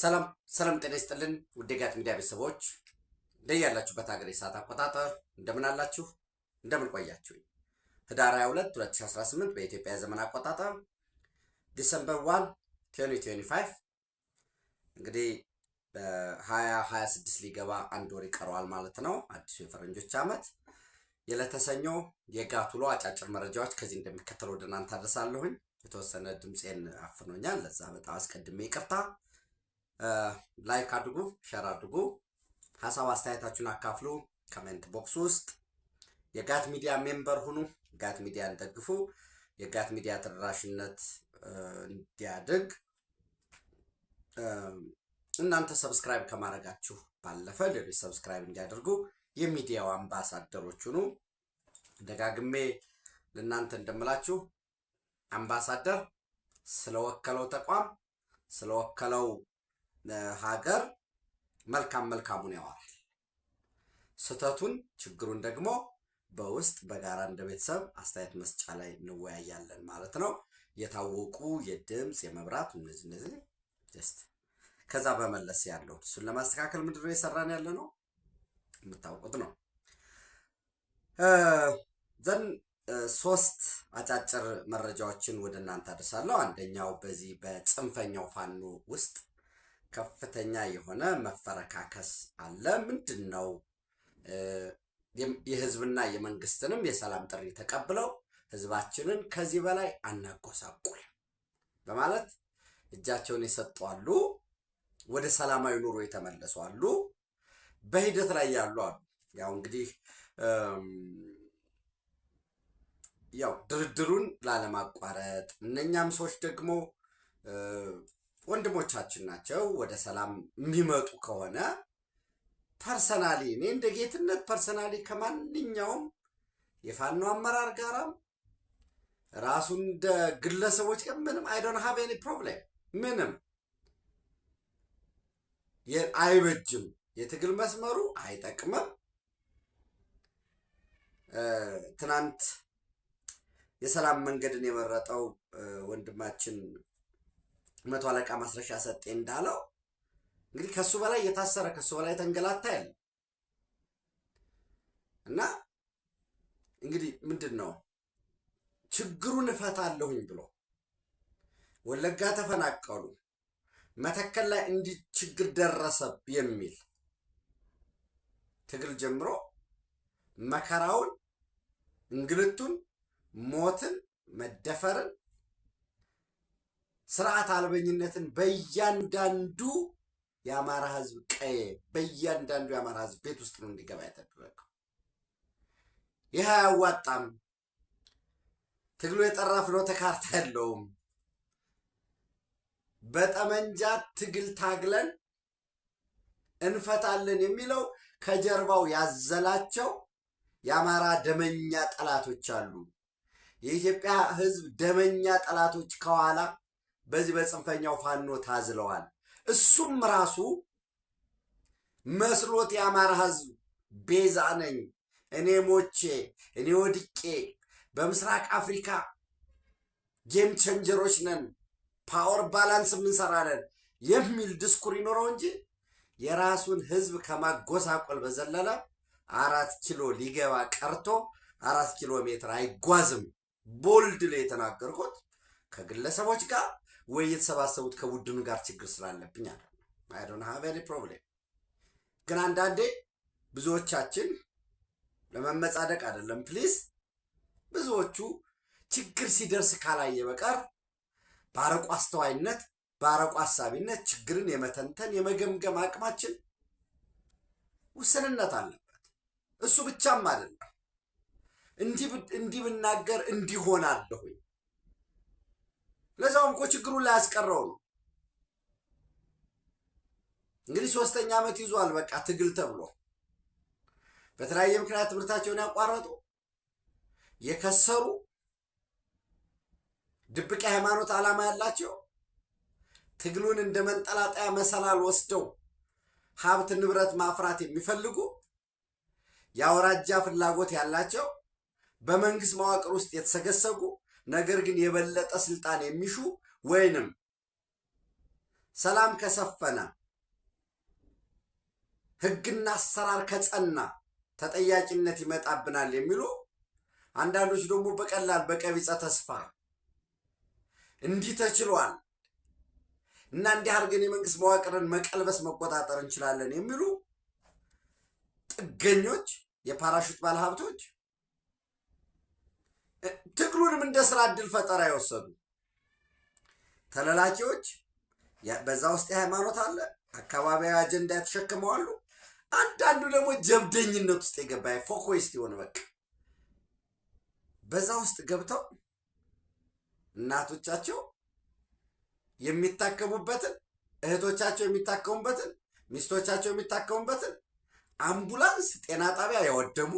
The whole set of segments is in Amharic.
ሰላም ሰላም፣ ጤና ይስጥልን ውድ የጋት ሚዲያ ቤተሰቦች እንደያላችሁበት ሀገር የሰዓት አቆጣጠር እንደምን አላችሁ? እንደምን ቆያችሁ? ህዳር 22 2018 በኢትዮጵያ ዘመን አቆጣጠር ዲሰምበር 1 2025 እንግዲህ በ2026 ሊገባ አንድ ወር ይቀረዋል ማለት ነው፣ አዲሱ የፈረንጆች ዓመት። የለተሰኞ ሰኞ የጋት ውሎ አጫጭር መረጃዎች ከዚህ እንደሚከተለው ወደ እናንተ አደርሳለሁኝ። የተወሰነ ድምፄን አፍኖኛል፣ ለዛ በጣም አስቀድሜ ይቅርታ ላይክ አድርጉ፣ ሸር አድርጉ፣ ሀሳብ አስተያየታችሁን አካፍሉ ከመንት ቦክስ ውስጥ። የጋት ሚዲያ ሜምበር ሁኑ፣ ጋት ሚዲያን ደግፉ። የጋት ሚዲያ ተደራሽነት እንዲያድግ እናንተ ሰብስክራይብ ከማድረጋችሁ ባለፈ ሌሎች ሰብስክራይብ እንዲያደርጉ የሚዲያው አምባሳደሮች ሁኑ። ደጋግሜ ለእናንተ እንደምላችሁ አምባሳደር ስለወከለው ተቋም ስለወከለው ሀገር መልካም መልካሙን ያወራል፣ ስህተቱን ችግሩን ደግሞ በውስጥ በጋራ እንደ ቤተሰብ አስተያየት መስጫ ላይ እንወያያለን ማለት ነው። የታወቁ የድምፅ የመብራት እነዚህ እነዚህ ጀስት ከዛ በመለስ ያለው እሱን ለማስተካከል ምድር የሰራን ያለ ነው የምታውቁት ነው። ዘን ሶስት አጫጭር መረጃዎችን ወደ እናንተ አድርሳለሁ አንደኛው በዚህ በጽንፈኛው ፋኖ ውስጥ ከፍተኛ የሆነ መፈረካከስ አለ። ምንድን ነው የህዝብና የመንግስትንም የሰላም ጥሪ ተቀብለው ህዝባችንን ከዚህ በላይ አናጎሳቁል በማለት እጃቸውን የሰጡ አሉ። ወደ ሰላማዊ ኑሮ የተመለሱ አሉ። በሂደት ላይ ያሉ አሉ። ያው እንግዲህ ያው ድርድሩን ላለማቋረጥ እነኛም ሰዎች ደግሞ ወንድሞቻችን ናቸው። ወደ ሰላም የሚመጡ ከሆነ ፐርሰናሊ እኔ እንደ ጌትነት ፐርሰናሊ ከማንኛውም የፋኖ አመራር ጋራም ራሱ እንደ ግለሰቦች ጋር ምንም አይዶን ሀቭ ኤኒ ፕሮብሌም ምንም አይበጅም። የትግል መስመሩ አይጠቅምም። ትናንት የሰላም መንገድን የመረጠው ወንድማችን መቶ አለቃ ማስረሻ ሰጤ እንዳለው እንግዲህ ከሱ በላይ የታሰረ ከሱ በላይ ተንገላታ ያለ እና እንግዲህ ምንድን ነው ችግሩን እፈታለሁኝ ብሎ ወለጋ ተፈናቀሉ፣ መተከል ላይ እንዲህ ችግር ደረሰብ የሚል ትግል ጀምሮ መከራውን፣ እንግልቱን፣ ሞትን፣ መደፈርን ስርዓት አልበኝነትን በእያንዳንዱ የአማራ ህዝብ ቀየ በእያንዳንዱ የአማራ ህዝብ ቤት ውስጥ ነው እንዲገባ የተደረገው። ይህ አያዋጣም። ትግሉ የጠራ ፍኖተ ካርታ ያለውም በጠመንጃ ትግል ታግለን እንፈታለን የሚለው ከጀርባው ያዘላቸው የአማራ ደመኛ ጠላቶች አሉ። የኢትዮጵያ ህዝብ ደመኛ ጠላቶች ከኋላ በዚህ በጽንፈኛው ፋኖ ታዝለዋል። እሱም ራሱ መስሎት የአማራ ህዝብ ቤዛ ነኝ እኔ ሞቼ እኔ ወድቄ በምስራቅ አፍሪካ ጌም ቸንጀሮች ነን፣ ፓወር ባላንስ የምንሰራለን የሚል ድስኩር ይኖረው እንጂ የራሱን ህዝብ ከማጎሳቆል በዘለለ አራት ኪሎ ሊገባ ቀርቶ አራት ኪሎ ሜትር አይጓዝም። ቦልድ ላይ የተናገርኩት ከግለሰቦች ጋር ወይ የተሰባሰቡት ከቡድኑ ጋር ችግር ስላለብኝ አለ። አይ ዶንት ሃቭ ኤኒ ፕሮብሌም። ግን አንዳንዴ ብዙዎቻችን ለመመጻደቅ አይደለም ፕሊዝ፣ ብዙዎቹ ችግር ሲደርስ ካላየ በቀር በአረቆ አስተዋይነት በአረቆ አሳቢነት ችግርን የመተንተን የመገምገም አቅማችን ውስንነት አለበት። እሱ ብቻም አይደለም እንዲህ ብናገር እንዲሆናለሁኝ ለዛውም እኮ ችግሩን ላይ ያስቀረው ነው። እንግዲህ ሶስተኛ ዓመት ይዟል። በቃ ትግል ተብሎ በተለያየ ምክንያት ትምህርታቸውን ያቋረጡ የከሰሩ ድብቅ የሃይማኖት ዓላማ ያላቸው ትግሉን እንደ መንጠላጠያ መሰላል ወስደው ሀብት ንብረት ማፍራት የሚፈልጉ የአውራጃ ፍላጎት ያላቸው በመንግስት መዋቅር ውስጥ የተሰገሰጉ ነገር ግን የበለጠ ስልጣን የሚሹ ወይንም ሰላም ከሰፈነ ህግና አሰራር ከጸና ተጠያቂነት ይመጣብናል የሚሉ አንዳንዶች ደግሞ በቀላል በቀቢፀ ተስፋ እንዲህ ተችሏል እና እንዲህ አድርገን የመንግስት መዋቅርን መቀልበስ መቆጣጠር እንችላለን የሚሉ ጥገኞች፣ የፓራሹት ባለሀብቶች ትግሉንም እንደ ስራ እድል ፈጠራ የወሰዱ ተለላኪዎች በዛ ውስጥ የሃይማኖት አለ፣ አካባቢያዊ አጀንዳ የተሸክመዋሉ። አንዳንዱ ደግሞ ጀብደኝነት ውስጥ የገባ ፎኮስት የሆነ በቃ በዛ ውስጥ ገብተው እናቶቻቸው የሚታከሙበትን እህቶቻቸው የሚታከሙበትን ሚስቶቻቸው የሚታከሙበትን አምቡላንስ ጤና ጣቢያ ያወደሙ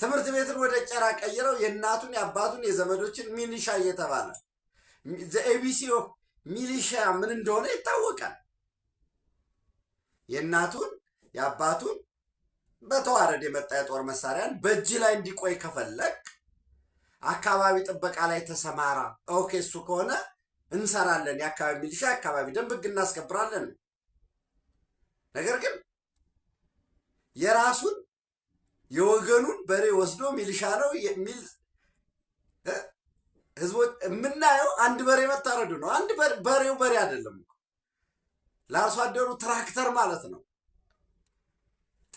ትምህርት ቤትን ወደ ቄራ ቀይረው የእናቱን የአባቱን የዘመዶችን ሚሊሻ እየተባለ ኤቢሲ ሚሊሻ ምን እንደሆነ ይታወቃል። የእናቱን የአባቱን በተዋረድ የመጣ የጦር መሳሪያን በእጅ ላይ እንዲቆይ ከፈለግ አካባቢ ጥበቃ ላይ ተሰማራ። ኦኬ፣ እሱ ከሆነ እንሰራለን። የአካባቢ ሚሊሻ የአካባቢ ደንብ ህግ እናስከብራለን። ነገር ግን የራሱን የወገኑን በሬ ወስዶ ሚልሻ ነው የሚል ህዝቦች የምናየው አንድ በሬ መታረዱ ነው። አንድ በሬው በሬ አይደለም፣ ለአርሶ አደሩ ትራክተር ማለት ነው።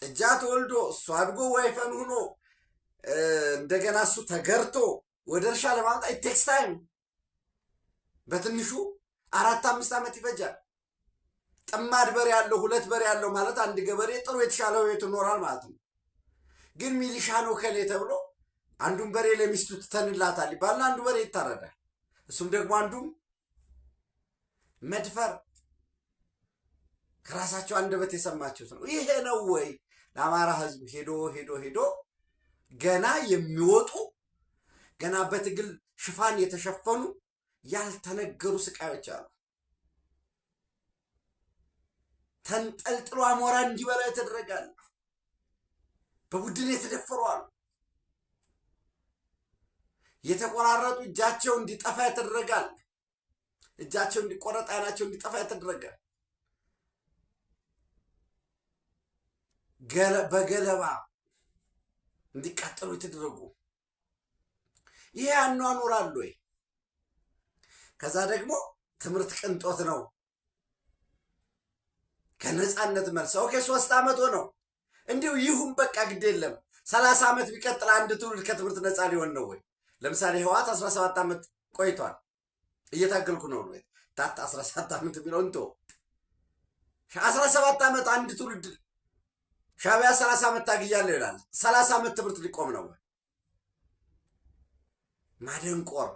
ጥጃ ተወልዶ እሱ አድጎ ወይፈን ሆኖ እንደገና እሱ ተገርቶ ወደ እርሻ ለማምጣት ኢቴክስ ታይም በትንሹ አራት አምስት ዓመት ይፈጃል። ጥማድ በሬ ያለው ሁለት በሬ ያለው ማለት አንድ ገበሬ ጥሩ የተሻለ ቤት ይኖራል ማለት ነው። ግን ሚሊሻ ነው ከሌ ተብሎ አንዱን በሬ ለሚስቱ ትተንላታል ይባልና አንዱ በሬ ይታረዳል። እሱም ደግሞ አንዱም መድፈር ከራሳቸው አንደበት የሰማችሁት ነው። ይሄ ነው ወይ ለአማራ ህዝብ ሄዶ ሄዶ ሄዶ ገና የሚወጡ ገና በትግል ሽፋን የተሸፈኑ ያልተነገሩ ስቃዮች አሉ። ተንጠልጥሎ አሞራ እንዲበላ ተደረጋል። በቡድን የተደፈሩ አሉ። የተቆራረጡ እጃቸው እንዲጠፋ ያተደረጋል። እጃቸው እንዲቆረጥ፣ አይናቸው እንዲጠፋ ያተደረጋል። በገለባ እንዲቃጠሉ የተደረጉ ይሄ አሉ ወይ? ከዛ ደግሞ ትምህርት ቅንጦት ነው። ከነፃነት መልስ ኦኬ ሶስት አመት ሆነው እንዲሁ ይሁን በቃ ግድ የለም። ሰላሳ ዓመት ቢቀጥል አንድ ትውልድ ከትምህርት ነፃ ሊሆን ነው ወይ? ለምሳሌ ህወሓት 17 ዓመት ቆይቷል። እየታገልኩ ነው ነው ታት 17 ዓመት ቢለው እንቶ 17 ዓመት አንድ ትውልድ ሻቢያ 30 ዓመት ታግያለሁ ይላል። 30 ዓመት ትምህርት ሊቆም ነው ወይ? ማደንቆር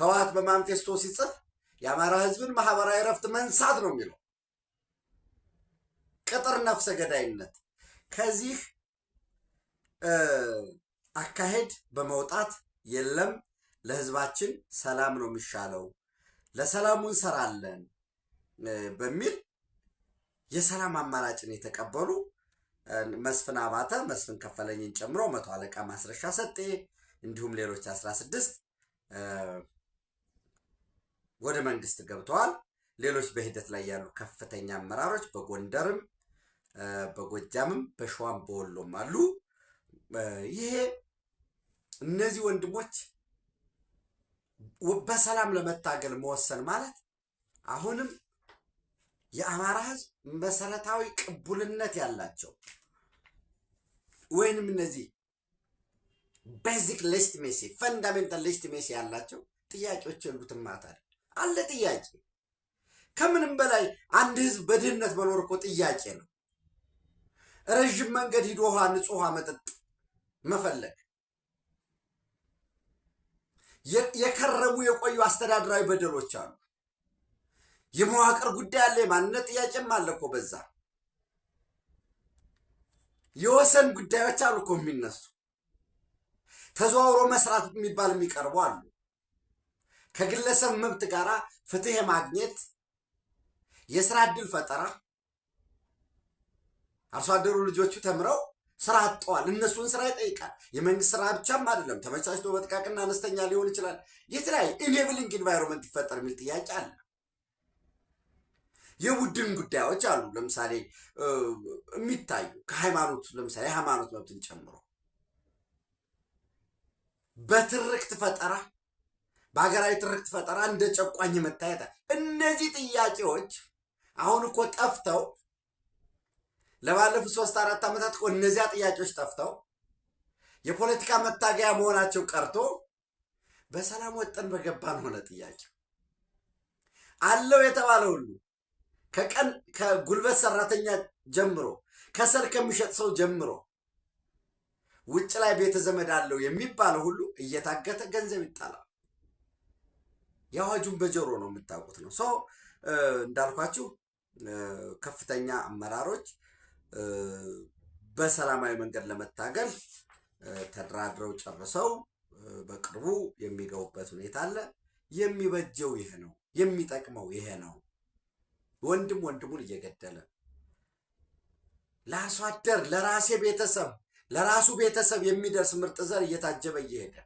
ህወሓት በማኒፌስቶ ሲጽፍ የአማራ ህዝብን ማህበራዊ እረፍት መንሳት ነው የሚለው ቅጥር ነፍሰ ገዳይነት ከዚህ አካሄድ በመውጣት የለም ለህዝባችን ሰላም ነው የሚሻለው፣ ለሰላሙ እንሰራለን በሚል የሰላም አማራጭን የተቀበሉ መስፍን አባተ፣ መስፍን ከፈለኝን ጨምሮ መቶ አለቃ ማስረሻ ሰጤ እንዲሁም ሌሎች አስራ ስድስት ወደ መንግስት ገብተዋል። ሌሎች በሂደት ላይ ያሉ ከፍተኛ አመራሮች በጎንደርም በጎጃምም በሸዋም በወሎም አሉ። ይሄ እነዚህ ወንድሞች በሰላም ለመታገል መወሰን ማለት አሁንም የአማራ ሕዝብ መሰረታዊ ቅቡልነት ያላቸው ወይንም እነዚህ ቤዚክ ሌጅትሜሲ ፈንዳሜንታል ሌጅትሜሲ ያላቸው ጥያቄዎች የሉትም። ማታል አለ ጥያቄ ከምንም በላይ አንድ ሕዝብ በድህነት መኖር እኮ ጥያቄ ነው። ረዥም መንገድ ሂዶ ውሃ ንጹህ ውሃ መጠጥ መፈለግ የከረሙ የቆዩ አስተዳደራዊ በደሎች አሉ። የመዋቅር ጉዳይ አለ። የማንነት ጥያቄም አለ እኮ በዛ። የወሰን ጉዳዮች አሉ እኮ የሚነሱ ተዘዋውሮ መስራት የሚባል የሚቀርቡ አሉ። ከግለሰብ መብት ጋር ፍትህ የማግኘት የስራ እድል ፈጠራ አርሶ አደሩ ልጆቹ ተምረው ስራ አጥተዋል። እነሱን ስራ ይጠይቃል። የመንግስት ስራ ብቻም አይደለም፣ ተመቻችቶ በጥቃቅና አነስተኛ ሊሆን ይችላል። የተለያየ ኢኔብሊንግ ኢንቫይሮንመንት ይፈጠር የሚል ጥያቄ አለ። የቡድን ጉዳዮች አሉ። ለምሳሌ የሚታዩ ከሃይማኖት ለምሳሌ የሃይማኖት መብትን ጨምሮ በትርክት ፈጠራ በሀገራዊ ትርክት ፈጠራ እንደ ጨቋኝ መታየት እነዚህ ጥያቄዎች አሁን እኮ ጠፍተው ለባለፉት ሶስት አራት ዓመታት እኮ እነዚያ ጥያቄዎች ጠፍተው የፖለቲካ መታገያ መሆናቸው ቀርቶ በሰላም ወጠን በገባን ሆነ ጥያቄ አለው የተባለ ሁሉ ከቀን ከጉልበት ሰራተኛ ጀምሮ ከሰር ከሚሸጥ ሰው ጀምሮ ውጭ ላይ ቤተ ዘመድ አለው የሚባለው ሁሉ እየታገተ ገንዘብ ይጣላል። የአዋጁን በጆሮ ነው የምታውቁት ነው። ሰው እንዳልኳችሁ ከፍተኛ አመራሮች በሰላማዊ መንገድ ለመታገል ተደራድረው ጨርሰው በቅርቡ የሚገቡበት ሁኔታ አለ። የሚበጀው ይሄ ነው፣ የሚጠቅመው ይሄ ነው። ወንድም ወንድሙን እየገደለ ለአርሶ አደር ለራሴ ቤተሰብ ለራሱ ቤተሰብ የሚደርስ ምርጥ ዘር እየታጀበ እየሄደ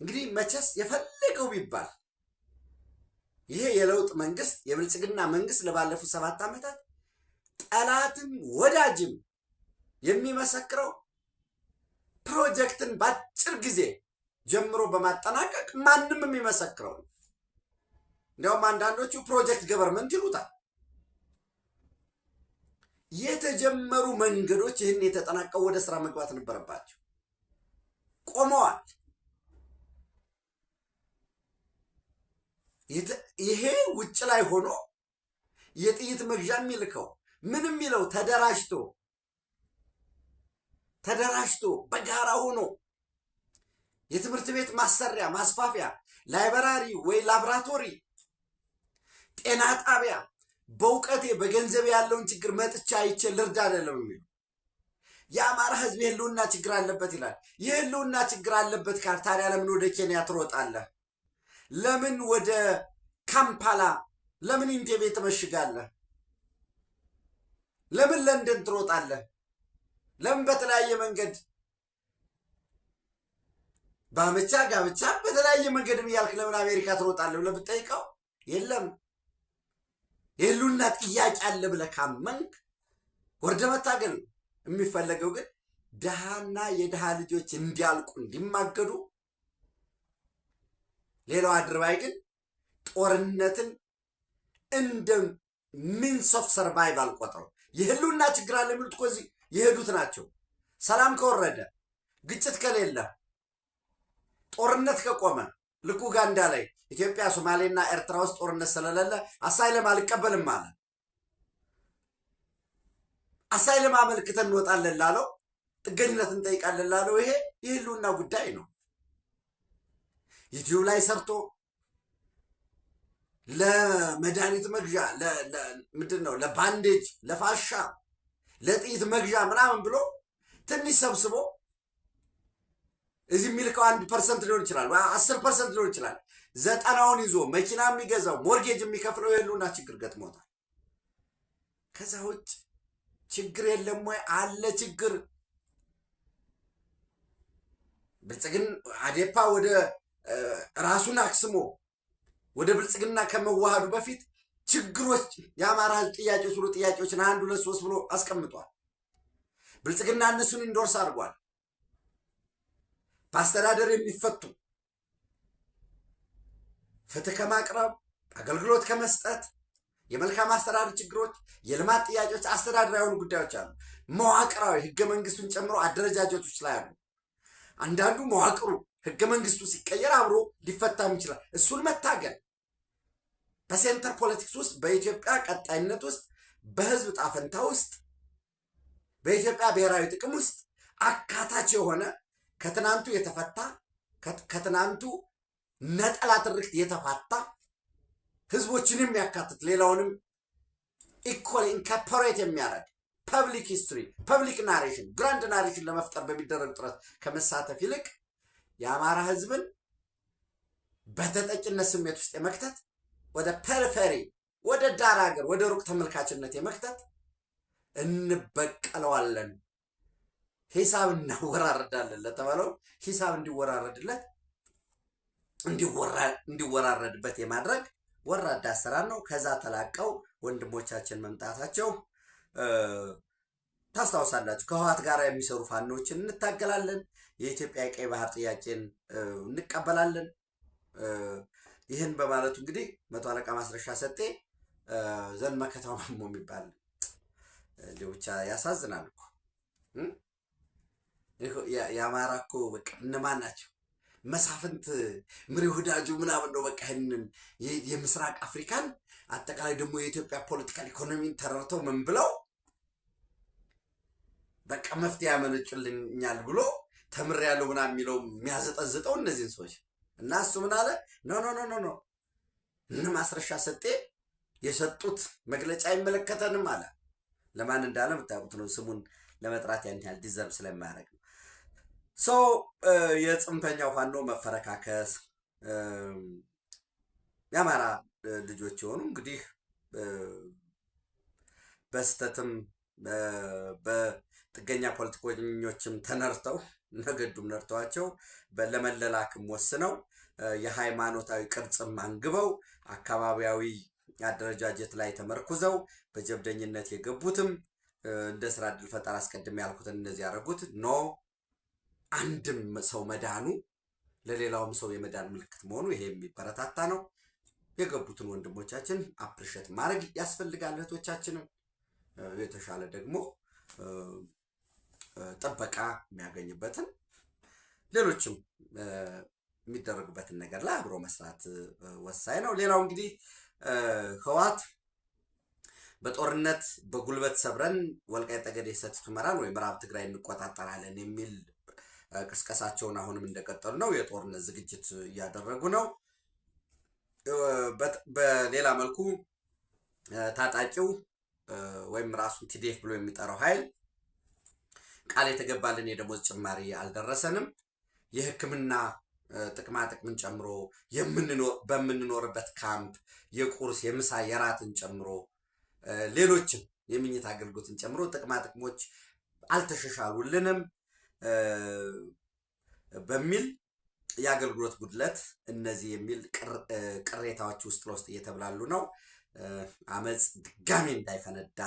እንግዲህ መቼስ የፈለገው ቢባል ይሄ የለውጥ መንግስት የብልጽግና መንግስት ለባለፉት ሰባት ዓመታት ጠላትም ወዳጅም የሚመሰክረው ፕሮጀክትን በአጭር ጊዜ ጀምሮ በማጠናቀቅ ማንም የሚመሰክረው ነው። እንዲያውም አንዳንዶቹ ፕሮጀክት ገቨርመንት ይሉታል። የተጀመሩ መንገዶች ይህን የተጠናቀው ወደ ስራ መግባት ነበረባቸው፣ ቆመዋል። ይሄ ውጭ ላይ ሆኖ የጥይት መግዣ የሚልከው ምን የሚለው ተደራጅቶ ተደራጅቶ በጋራ ሆኖ የትምህርት ቤት ማሰሪያ ማስፋፊያ፣ ላይበራሪ ወይ ላብራቶሪ፣ ጤና ጣቢያ በእውቀቴ በገንዘብ ያለውን ችግር መጥቻ አይቼ ልርዳ አይደለም የሚለው የአማራ ህዝብ የህልውና ችግር አለበት ይላል። የህልውና ችግር አለበት ካል ታዲያ ለምን ወደ ኬንያ ትሮጣለህ? ለምን ወደ ካምፓላ ለምን ኢንቴቤ ትመሽጋለህ? ለምን ለንደን ትሮጣለህ? ለምን በተለያየ መንገድ በአመቻ ጋብቻ በተለያየ መንገድም እያልክ ለምን አሜሪካ ትሮጣለህ ብለህ ብትጠይቀው የለም የህሉና ጥያቄ አለ ብለህ ካመንክ ወርደ መታገል የሚፈለገው ግን ድሃና የድሃ ልጆች እንዲያልቁ እንዲማገዱ ሌላው አድርባይ ግን ጦርነትን እንደ ሚንስ ኦፍ ሰርቫይቭ አልቆጠሩ። የህልውና ችግር አለ የሚሉት እኮ እዚህ የሄዱት ናቸው። ሰላም ከወረደ፣ ግጭት ከሌለ፣ ጦርነት ከቆመ ልክ ኡጋንዳ ላይ ኢትዮጵያ፣ ሶማሌና ኤርትራ ውስጥ ጦርነት ስለሌለ አሳይለም አልቀበልም አለ። አሳይለም አመልክተን እንወጣለን ላለው ጥገኝነት እንጠይቃለን ላለው ይሄ የህልውና ጉዳይ ነው። ዩቲዩብ ላይ ሰርቶ ለመድኃኒት መግዣ ምንድን ነው ለባንዴጅ፣ ለፋሻ፣ ለጥይት መግዣ ምናምን ብሎ ትንሽ ሰብስቦ እዚህ የሚልከው አንድ ፐርሰንት ሊሆን ይችላል፣ አስር ፐርሰንት ሊሆን ይችላል። ዘጠናውን ይዞ መኪና የሚገዛው ሞርጌጅ የሚከፍለው የህልውና ችግር ገጥሞታል። ከዛ ውጭ ችግር የለም ወይ? አለ ችግር ብልጽግን አዴፓ ወደ ራሱን አክስሞ ወደ ብልጽግና ከመዋሃዱ በፊት ችግሮች የአማራ ህዝብ ጥያቄዎች ብሎ ጥያቄዎችን አንድ ሁለት ሶስት ብሎ አስቀምጧል። ብልጽግና እነሱን ኢንዶርስ አድርጓል። በአስተዳደር የሚፈቱ ፍትህ ከማቅረብ አገልግሎት ከመስጠት የመልካም አስተዳደር ችግሮች፣ የልማት ጥያቄዎች፣ አስተዳደራዊ የሆኑ ጉዳዮች አሉ። መዋቅራዊ ህገ መንግስቱን ጨምሮ አደረጃጀቶች ላይ አሉ። አንዳንዱ መዋቅሩ ህገ መንግስቱ ሲቀየር አብሮ ሊፈታም ይችላል። እሱን መታገል በሴንተር ፖለቲክስ ውስጥ በኢትዮጵያ ቀጣይነት ውስጥ በህዝብ ጣፈንታ ውስጥ በኢትዮጵያ ብሔራዊ ጥቅም ውስጥ አካታች የሆነ ከትናንቱ የተፈታ ከትናንቱ ነጠላ ትርክት የተፋታ ህዝቦችን የሚያካትት ሌላውንም ኢኮል ኢንካፐሬት የሚያደርግ ፐብሊክ ሂስትሪ፣ ፐብሊክ ናሬሽን፣ ግራንድ ናሬሽን ለመፍጠር በሚደረግ ጥረት ከመሳተፍ ይልቅ የአማራ ህዝብን በተጠቂነት ስሜት ውስጥ የመክተት ወደ ፐርፌሪ ወደ ዳር ሀገር ወደ ሩቅ ተመልካችነት የመክተት እንበቀለዋለን፣ ሂሳብ እናወራረዳለን ለተባለው ሂሳብ እንዲወራረድለት እንዲወራረድበት የማድረግ ወራዳ ስራ ነው። ከዛ ተላቀው ወንድሞቻችን መምጣታቸው ታስታውሳላችሁ። ከህወሓት ጋር የሚሰሩ ፋኖችን እንታገላለን። የኢትዮጵያ የቀይ ባህር ጥያቄን እንቀበላለን። ይህን በማለቱ እንግዲህ መቶ አለቃ ማስረሻ ሰጤ ዘን መከታው ማሞ የሚባል እንዲሁ ብቻ ያሳዝናል እኮ የአማራ እኮ በቃ እነማን ናቸው መሳፍንት ምሪ ወዳጁ ምናምን ነው በቃ ይህንን የምስራቅ አፍሪካን አጠቃላይ ደግሞ የኢትዮጵያ ፖለቲካል ኢኮኖሚን ተረርተው ምን ብለው በቃ መፍትሄ ያመነጩልኛል ብሎ ተምር ያለው ምና የሚለው የሚያዘጠዝጠው እነዚህን ሰዎች እና እሱ ምን አለ ኖ ኖ ኖ ኖ ኖ እነ ማስረሻ ሰጤ የሰጡት መግለጫ አይመለከተንም አለ። ለማን እንዳለ የምታውቁት ነው። ስሙን ለመጥራት ያን ያህል ዲዘርቭ ስለማያደርግ ነው። ሰው የጽንፈኛው ፋኖ መፈረካከስ የአማራ ልጆች የሆኑ እንግዲህ በስተትም በጥገኛ ፖለቲከኞችም ተነርተው ነገዱም ነድተዋቸው ለመለላክም ወስነው የሃይማኖታዊ ቅርጽም አንግበው አካባቢያዊ አደረጃጀት ላይ ተመርኩዘው በጀብደኝነት የገቡትም እንደ ስራ እድል ፈጠራ አስቀድሜ ያልኩትን እነዚህ ያደረጉት ኖ አንድም ሰው መዳኑ ለሌላውም ሰው የመዳን ምልክት መሆኑ ይሄ የሚበረታታ ነው። የገቡትን ወንድሞቻችን አፕሪሸት ማድረግ ያስፈልጋል። እህቶቻችንም የተሻለ ደግሞ ጥበቃ የሚያገኙበትን ሌሎችም የሚደረጉበትን ነገር ላይ አብሮ መስራት ወሳኝ ነው። ሌላው እንግዲህ ህወሓት በጦርነት በጉልበት ሰብረን ወልቃይት ጠገዴ፣ ሰቲት ሁመራን ወይ ምዕራብ ትግራይ እንቆጣጠራለን የሚል ቅስቀሳቸውን አሁንም እንደቀጠሉ ነው። የጦርነት ዝግጅት እያደረጉ ነው። በሌላ መልኩ ታጣቂው ወይም ራሱን ቲዴፍ ብሎ የሚጠራው ኃይል ቃል የተገባልን የደሞዝ ጭማሪ አልደረሰንም። የሕክምና ጥቅማ ጥቅምን ጨምሮ በምንኖርበት ካምፕ የቁርስ የምሳ የራትን ጨምሮ ሌሎችም የምኝት አገልግሎትን ጨምሮ ጥቅማ ጥቅሞች አልተሻሻሉልንም በሚል የአገልግሎት ጉድለት እነዚህ የሚል ቅሬታዎች ውስጥ ለውስጥ እየተብላሉ ነው። አመፅ ድጋሜ እንዳይፈነዳ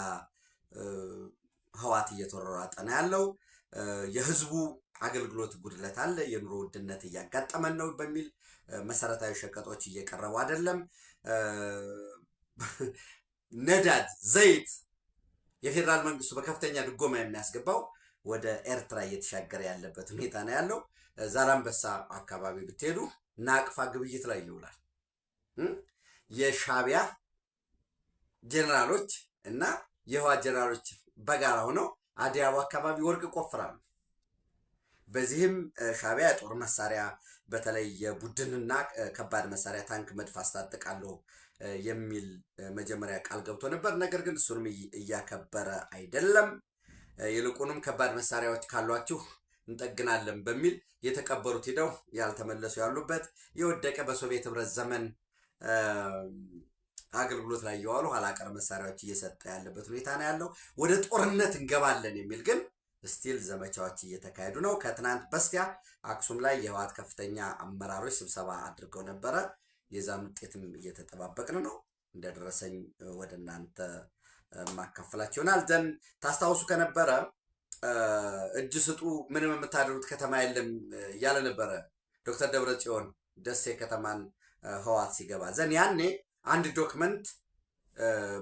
ህዋት እየተሯሯጠ ነው ያለው። የህዝቡ አገልግሎት ጉድለት አለ። የኑሮ ውድነት እያጋጠመን ነው በሚል መሰረታዊ ሸቀጦች እየቀረቡ አይደለም። ነዳጅ፣ ዘይት የፌዴራል መንግስቱ በከፍተኛ ድጎማ የሚያስገባው ወደ ኤርትራ እየተሻገረ ያለበት ሁኔታ ነው ያለው። ዛላምበሳ አካባቢ ብትሄዱ ናቅፋ ግብይት ላይ ይውላል። የሻቢያ ጀኔራሎች እና የህዋት ጀኔራሎች በጋራ ሆነው አዲስ አበባ አካባቢ ወርቅ ይቆፍራሉ። በዚህም ሻቢያ የጦር መሳሪያ በተለይ የቡድንና ከባድ መሳሪያ ታንክ መድፍ አስታጥቃለሁ የሚል መጀመሪያ ቃል ገብቶ ነበር። ነገር ግን እሱንም እያከበረ አይደለም። ይልቁንም ከባድ መሳሪያዎች ካሏችሁ እንጠግናለን በሚል የተቀበሩት ሂደው ያልተመለሱ ያሉበት የወደቀ በሶቪየት ህብረት ዘመን አገልግሎት ላይ የዋሉ ኋላቀር መሳሪያዎች እየሰጠ ያለበት ሁኔታ ነው ያለው። ወደ ጦርነት እንገባለን የሚል ግን ስቲል ዘመቻዎች እየተካሄዱ ነው። ከትናንት በስቲያ አክሱም ላይ የህወሓት ከፍተኛ አመራሮች ስብሰባ አድርገው ነበረ። የዛን ውጤትም እየተጠባበቅን ነው። እንደደረሰኝ ወደ እናንተ ማካፈላቸው ይሆናል። ዘን ታስታውሱ ከነበረ እጅ ስጡ ምንም የምታደሩት ከተማ የለም እያለ ነበረ ዶክተር ደብረ ጽዮን ደሴ ከተማን ህወሓት ሲገባ ዘን ያኔ አንድ ዶክመንት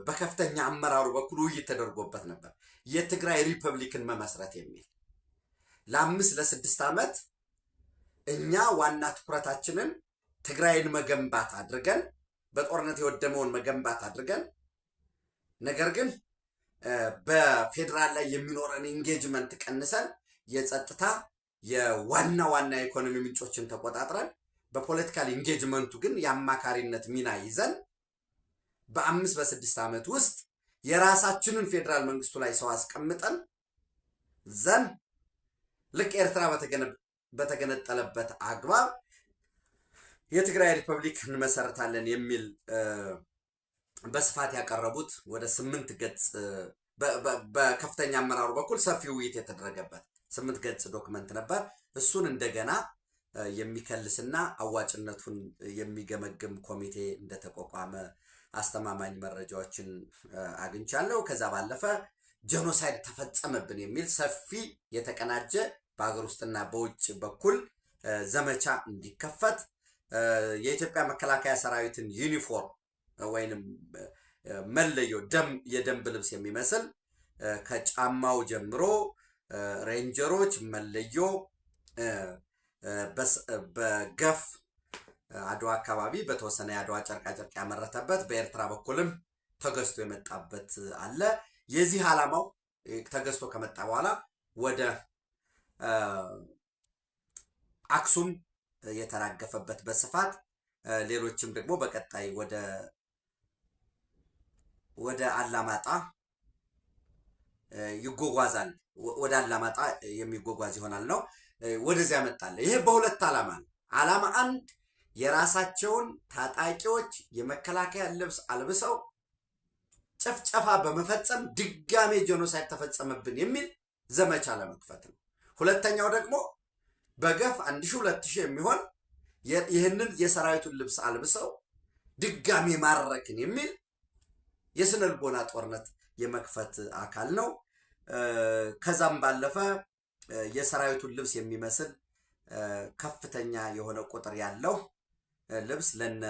በከፍተኛ አመራሩ በኩል ውይይት ተደርጎበት ነበር። የትግራይ ሪፐብሊክን መመስረት የሚል ለአምስት ለስድስት ዓመት እኛ ዋና ትኩረታችንን ትግራይን መገንባት አድርገን በጦርነት የወደመውን መገንባት አድርገን ነገር ግን በፌዴራል ላይ የሚኖረን ኢንጌጅመንት ቀንሰን የጸጥታ የዋና ዋና የኢኮኖሚ ምንጮችን ተቆጣጥረን በፖለቲካል ኢንጌጅመንቱ ግን የአማካሪነት ሚና ይዘን በአምስት በስድስት ዓመት ውስጥ የራሳችንን ፌዴራል መንግስቱ ላይ ሰው አስቀምጠን ዘን ልክ ኤርትራ በተገነጠለበት አግባብ የትግራይ ሪፐብሊክ እንመሰረታለን የሚል በስፋት ያቀረቡት ወደ ስምንት ገጽ በከፍተኛ አመራሩ በኩል ሰፊ ውይይት የተደረገበት ስምንት ገጽ ዶክመንት ነበር። እሱን እንደገና የሚከልስና አዋጭነቱን የሚገመግም ኮሚቴ እንደተቋቋመ አስተማማኝ መረጃዎችን አግኝቻለሁ። ከዛ ባለፈ ጀኖሳይድ ተፈጸመብን የሚል ሰፊ የተቀናጀ በሀገር ውስጥና በውጭ በኩል ዘመቻ እንዲከፈት የኢትዮጵያ መከላከያ ሰራዊትን ዩኒፎርም ወይንም መለዮ ደም የደንብ ልብስ የሚመስል ከጫማው ጀምሮ ሬንጀሮች መለዮ በገፍ አድዋ አካባቢ በተወሰነ የአድዋ ጨርቃጨርቅ ያመረተበት በኤርትራ በኩልም ተገዝቶ የመጣበት አለ። የዚህ ዓላማው ተገዝቶ ከመጣ በኋላ ወደ አክሱም የተራገፈበት በስፋት ሌሎችም ደግሞ በቀጣይ ወደ ወደ አላማጣ ይጓጓዛል። ወደ አላማጣ የሚጓጓዝ ይሆናል ነው። ወደዚያ መጣለ። ይሄ በሁለት ዓላማ ነው። ዓላማ አንድ የራሳቸውን ታጣቂዎች የመከላከያ ልብስ አልብሰው ጭፍጨፋ በመፈጸም ድጋሜ ጄኖሳይድ ተፈጸመብን የሚል ዘመቻ ለመክፈት ነው። ሁለተኛው ደግሞ በገፍ አንድ ሺ ሁለት ሺህ የሚሆን ይህንን የሰራዊቱን ልብስ አልብሰው ድጋሜ ማረክን የሚል የስነ ልቦና ጦርነት የመክፈት አካል ነው። ከዛም ባለፈ የሰራዊቱን ልብስ የሚመስል ከፍተኛ የሆነ ቁጥር ያለው ልብስ ለነ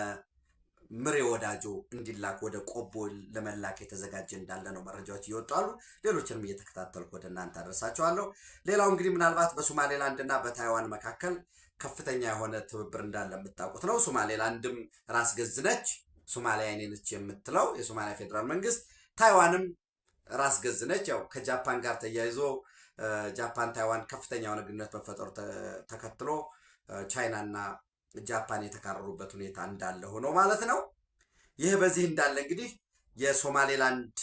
ምሬ ወዳጆ እንዲላክ ወደ ቆቦ ለመላክ የተዘጋጀ እንዳለ ነው መረጃዎች እየወጣሉ። ሌሎችንም እየተከታተልኩ ወደ እናንተ አደርሳቸዋለሁ። ሌላው እንግዲህ ምናልባት በሶማሌላንድ እና በታይዋን መካከል ከፍተኛ የሆነ ትብብር እንዳለ የምታውቁት ነው። ሶማሌላንድም ራስ ገዝ ነች፣ ሶማሊያ የኔ ነች የምትለው የሶማሊያ ፌዴራል መንግስት። ታይዋንም ራስ ገዝ ነች። ያው ከጃፓን ጋር ተያይዞ ጃፓን ታይዋን ከፍተኛ የሆነ ግንኙነት መፈጠሩ ተከትሎ ቻይና እና ጃፓን የተካረሩበት ሁኔታ እንዳለ ሆኖ ማለት ነው። ይህ በዚህ እንዳለ እንግዲህ የሶማሌላንድ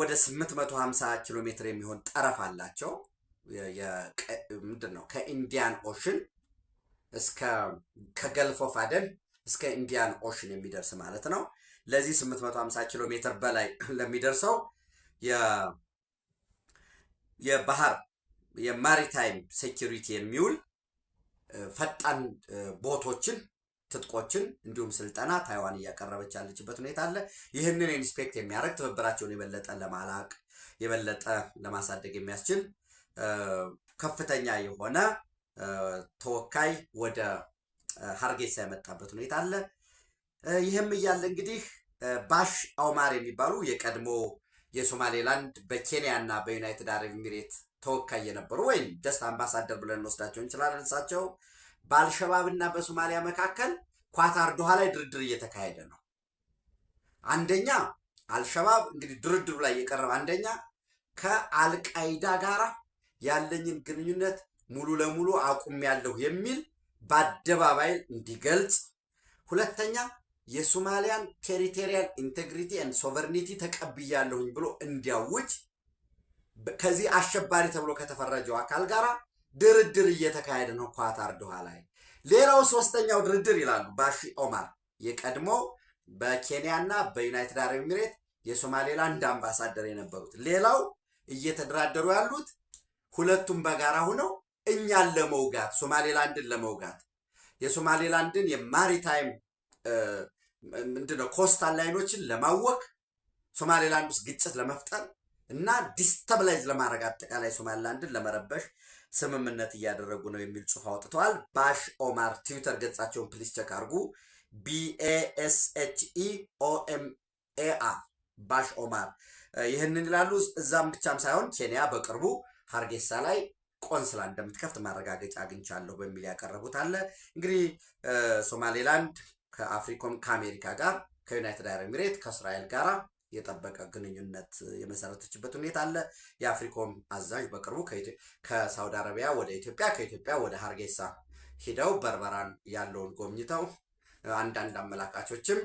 ወደ 850 ኪሎ ሜትር የሚሆን ጠረፍ አላቸው። ምንድን ነው ከኢንዲያን ኦሽን እስከ ከገልፍ አደን እስከ ኢንዲያን ኦሽን የሚደርስ ማለት ነው። ለዚህ 850 ኪሎ ሜትር በላይ ለሚደርሰው የባህር የማሪታይም ሴኪሪቲ የሚውል ፈጣን ቦቶችን ትጥቆችን እንዲሁም ስልጠና ታይዋን እያቀረበች ያለችበት ሁኔታ አለ። ይህንን ኢንስፔክት የሚያደርግ ትብብራቸውን የበለጠ ለማላቅ የበለጠ ለማሳደግ የሚያስችል ከፍተኛ የሆነ ተወካይ ወደ ሀርጌሳ የመጣበት ሁኔታ አለ። ይህም እያለ እንግዲህ ባሽ አውማር የሚባሉ የቀድሞ የሶማሌላንድ በኬንያ እና በዩናይትድ አረብ ኤሚሬት ተወካይ የነበሩ ወይም ጀስት አምባሳደር ብለን እንወስዳቸው እንችላለን። እሳቸው በአልሸባብ እና በሶማሊያ መካከል ኳታር ዶሃ ላይ ድርድር እየተካሄደ ነው። አንደኛ አልሸባብ እንግዲህ ድርድሩ ላይ የቀረበ አንደኛ ከአልቃይዳ ጋር ያለኝን ግንኙነት ሙሉ ለሙሉ ያለሁ የሚል በአደባባይ እንዲገልጽ፣ ሁለተኛ የሶማሊያን ቴሪቶሪያል ኢንቴግሪቲ ን ሶቨርኒቲ ተቀብያለሁኝ ብሎ እንዲያውጅ ከዚህ አሸባሪ ተብሎ ከተፈረጀው አካል ጋር ድርድር እየተካሄደ ነው ኳታር ዶሃ ላይ። ሌላው ሶስተኛው ድርድር ይላሉ ባሺ ኦማር የቀድሞ በኬንያ እና በዩናይትድ አረብ ኤሚሬት የሶማሌላንድ አምባሳደር የነበሩት። ሌላው እየተደራደሩ ያሉት ሁለቱም በጋራ ሆነው እኛን ለመውጋት ሶማሌላንድን ለመውጋት የሶማሌላንድን የማሪታይም ምንድነው ኮስታል ላይኖችን ለማወክ ሶማሌላንድ ውስጥ ግጭት ለመፍጠር እና ዲስተብላይዝ ለማድረግ አጠቃላይ ሶማሌላንድን ለመረበሽ ስምምነት እያደረጉ ነው የሚል ጽሑፍ አውጥተዋል። ባሽ ኦማር ትዊተር ገጻቸውን ፕሊስ ቸክ አድርጉ። ቢኤኤስኤችኢ ኦኤምኤአ e ባሽ ኦማር ይህንን ይላሉ። እዛም ብቻም ሳይሆን ኬንያ በቅርቡ ሀርጌሳ ላይ ቆንስላ እንደምትከፍት ማረጋገጫ አግኝቻለሁ በሚል ያቀረቡት አለ። እንግዲህ ሶማሌላንድ ከአፍሪኮም ከአሜሪካ ጋር ከዩናይትድ አረብ ኤሚሬት ከእስራኤል ጋር የጠበቀ ግንኙነት የመሰረተችበት ሁኔታ አለ። የአፍሪኮም አዛዥ በቅርቡ ከሳውዲ አረቢያ ወደ ኢትዮጵያ ከኢትዮጵያ ወደ ሀርጌሳ ሂደው በርበራን ያለውን ጎብኝተው አንዳንድ አመላካቾችም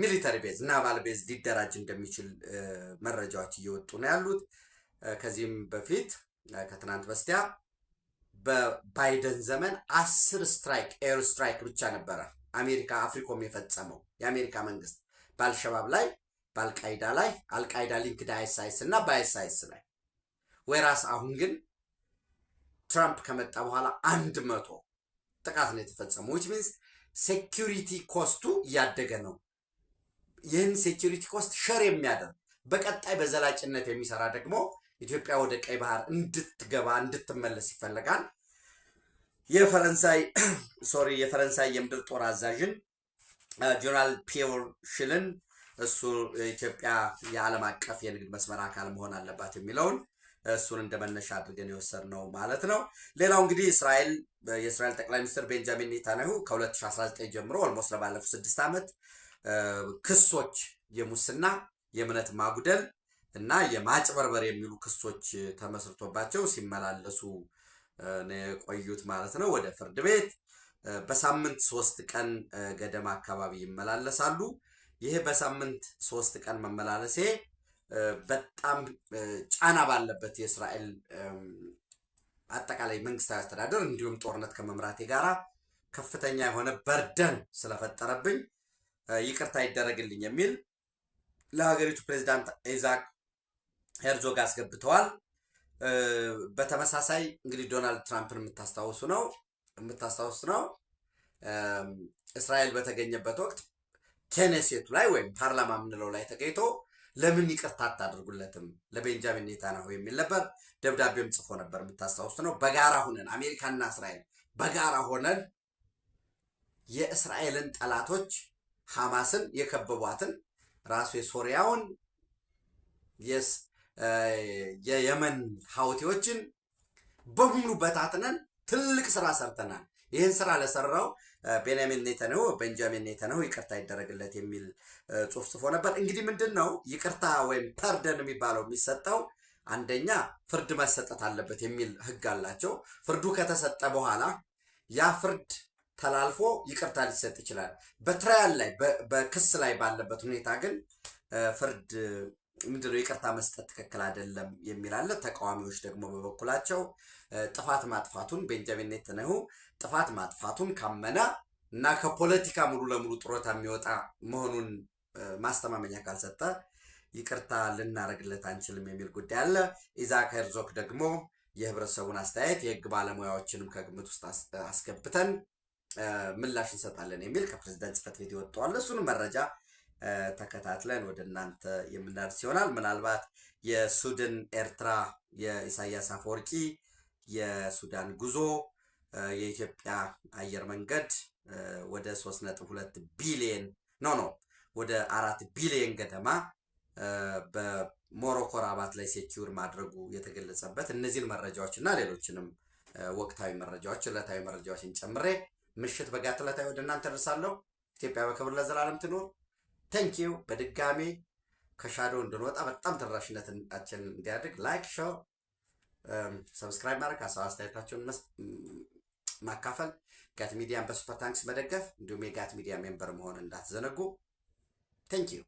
ሚሊተሪ ቤዝ ናቫል ቤዝ ሊደራጅ እንደሚችል መረጃዎች እየወጡ ነው ያሉት። ከዚህም በፊት ከትናንት በስቲያ በባይደን ዘመን አስር ስትራይክ ኤር ስትራይክ ብቻ ነበረ አሜሪካ አፍሪኮም የፈጸመው የአሜሪካ መንግስት በአልሸባብ ላይ በአልቃይዳ ላይ አልቃይዳ ሊንክድ አይሳይስ እና በአይሳይስ ላይ ወይራስ አሁን ግን ትራምፕ ከመጣ በኋላ አንድ መቶ ጥቃት ነው የተፈጸመው። ዊች ሚንስ ሴኪሪቲ ኮስቱ እያደገ ነው። ይህን ሴኪሪቲ ኮስት ሸር የሚያደርግ በቀጣይ በዘላጭነት የሚሰራ ደግሞ ኢትዮጵያ ወደ ቀይ ባህር እንድትገባ እንድትመለስ ይፈለጋል። የፈረንሳይ ሶሪ የፈረንሳይ የምድር ጦር አዛዥን ጀነራል ፒየር ሽልን እሱ ኢትዮጵያ የዓለም አቀፍ የንግድ መስመር አካል መሆን አለባት የሚለውን እሱን እንደ መነሻ አድርገን የወሰድነው ማለት ነው። ሌላው እንግዲህ እስራኤል የእስራኤል ጠቅላይ ሚኒስትር ቤንጃሚን ኔታንያሁ ከ2019 ጀምሮ ኦልሞስት ለባለፉት ስድስት ዓመት ክሶች የሙስና የእምነት ማጉደል እና የማጭበርበር የሚሉ ክሶች ተመስርቶባቸው ሲመላለሱ የቆዩት ማለት ነው ወደ ፍርድ ቤት በሳምንት ሶስት ቀን ገደማ አካባቢ ይመላለሳሉ። ይህ በሳምንት ሶስት ቀን መመላለሴ በጣም ጫና ባለበት የእስራኤል አጠቃላይ መንግስታዊ አስተዳደር እንዲሁም ጦርነት ከመምራቴ ጋራ ከፍተኛ የሆነ በርደን ስለፈጠረብኝ ይቅርታ ይደረግልኝ የሚል ለሀገሪቱ ፕሬዚዳንት ኢዛክ ሄርዞግ አስገብተዋል። በተመሳሳይ እንግዲህ ዶናልድ ትራምፕን የምታስታውሱ ነው የምታስታውሱ ነው እስራኤል በተገኘበት ወቅት ቴኔሴቱ ላይ ወይም ፓርላማ የምንለው ላይ ተገኝቶ ለምን ይቅርታ አታደርጉለትም ለቤንጃሚን ኔታንያሁ የሚል ነበር። ደብዳቤም ጽፎ ነበር የምታስታውሱ ነው። በጋራ ሁነን አሜሪካና እስራኤል በጋራ ሆነን የእስራኤልን ጠላቶች ሐማስን የከበቧትን ራሱ የሶሪያውን የየመን ሀውቲዎችን በሙሉ በታትነን ትልቅ ስራ ሰርተናል። ይህን ስራ ለሰራው ቤንያሚን ኔተነው ቤንጃሚን ኔተነው ይቅርታ ይደረግለት የሚል ጽሁፍ ጽፎ ነበር። እንግዲህ ምንድን ነው ይቅርታ ወይም ፐርደን የሚባለው የሚሰጠው አንደኛ ፍርድ መሰጠት አለበት የሚል ህግ አላቸው። ፍርዱ ከተሰጠ በኋላ ያ ፍርድ ተላልፎ ይቅርታ ሊሰጥ ይችላል። በትራያል ላይ በክስ ላይ ባለበት ሁኔታ ግን ፍርድ ምንድነው ይቅርታ መስጠት ትክክል አይደለም የሚላለ ተቃዋሚዎች ደግሞ በበኩላቸው ጥፋት ማጥፋቱን ቤንጃሚን ኔታንያሁ ጥፋት ማጥፋቱን ካመና እና ከፖለቲካ ሙሉ ለሙሉ ጡረታ የሚወጣ መሆኑን ማስተማመኛ ካልሰጠ ይቅርታ ልናደርግለት አንችልም የሚል ጉዳይ አለ። ኢዛክ ሄርዞክ ደግሞ የህብረተሰቡን አስተያየት የህግ ባለሙያዎችንም ከግምት ውስጥ አስገብተን ምላሽ እንሰጣለን የሚል ከፕሬዚዳንት ጽህፈት ቤት ይወጣዋል። እሱንም መረጃ ተከታትለን ወደ እናንተ የምናደርስ ይሆናል። ምናልባት የሱድን ኤርትራ፣ የኢሳያስ አፈወርቂ የሱዳን ጉዞ፣ የኢትዮጵያ አየር መንገድ ወደ 3.2 ቢሊየን ኖ ኖ ወደ አራት ቢሊየን ገደማ በሞሮኮ ራባት ላይ ሴኪውር ማድረጉ የተገለጸበት እነዚህን መረጃዎች እና ሌሎችንም ወቅታዊ መረጃዎች ዕለታዊ መረጃዎችን ጨምሬ ምሽት በጋት ዕለታዊ ወደ እናንተ ደርሳለሁ። ኢትዮጵያ በክብር ለዘላለም ትኑር። ተንኪው። በድጋሚ ከሻዶ እንድንወጣ በጣም ተደራሽነታችን እንዲያድግ ላይክ፣ ሾው፣ ሰብስክራይብ ማድረግ ሀሳብ አስተያየታቸውን ማካፈል ጋት ሚዲያን በሱፐር ታንክስ መደገፍ እንዲሁም የጋት ሚዲያ ሜምበር መሆን እንዳትዘነጉ። ተንኪው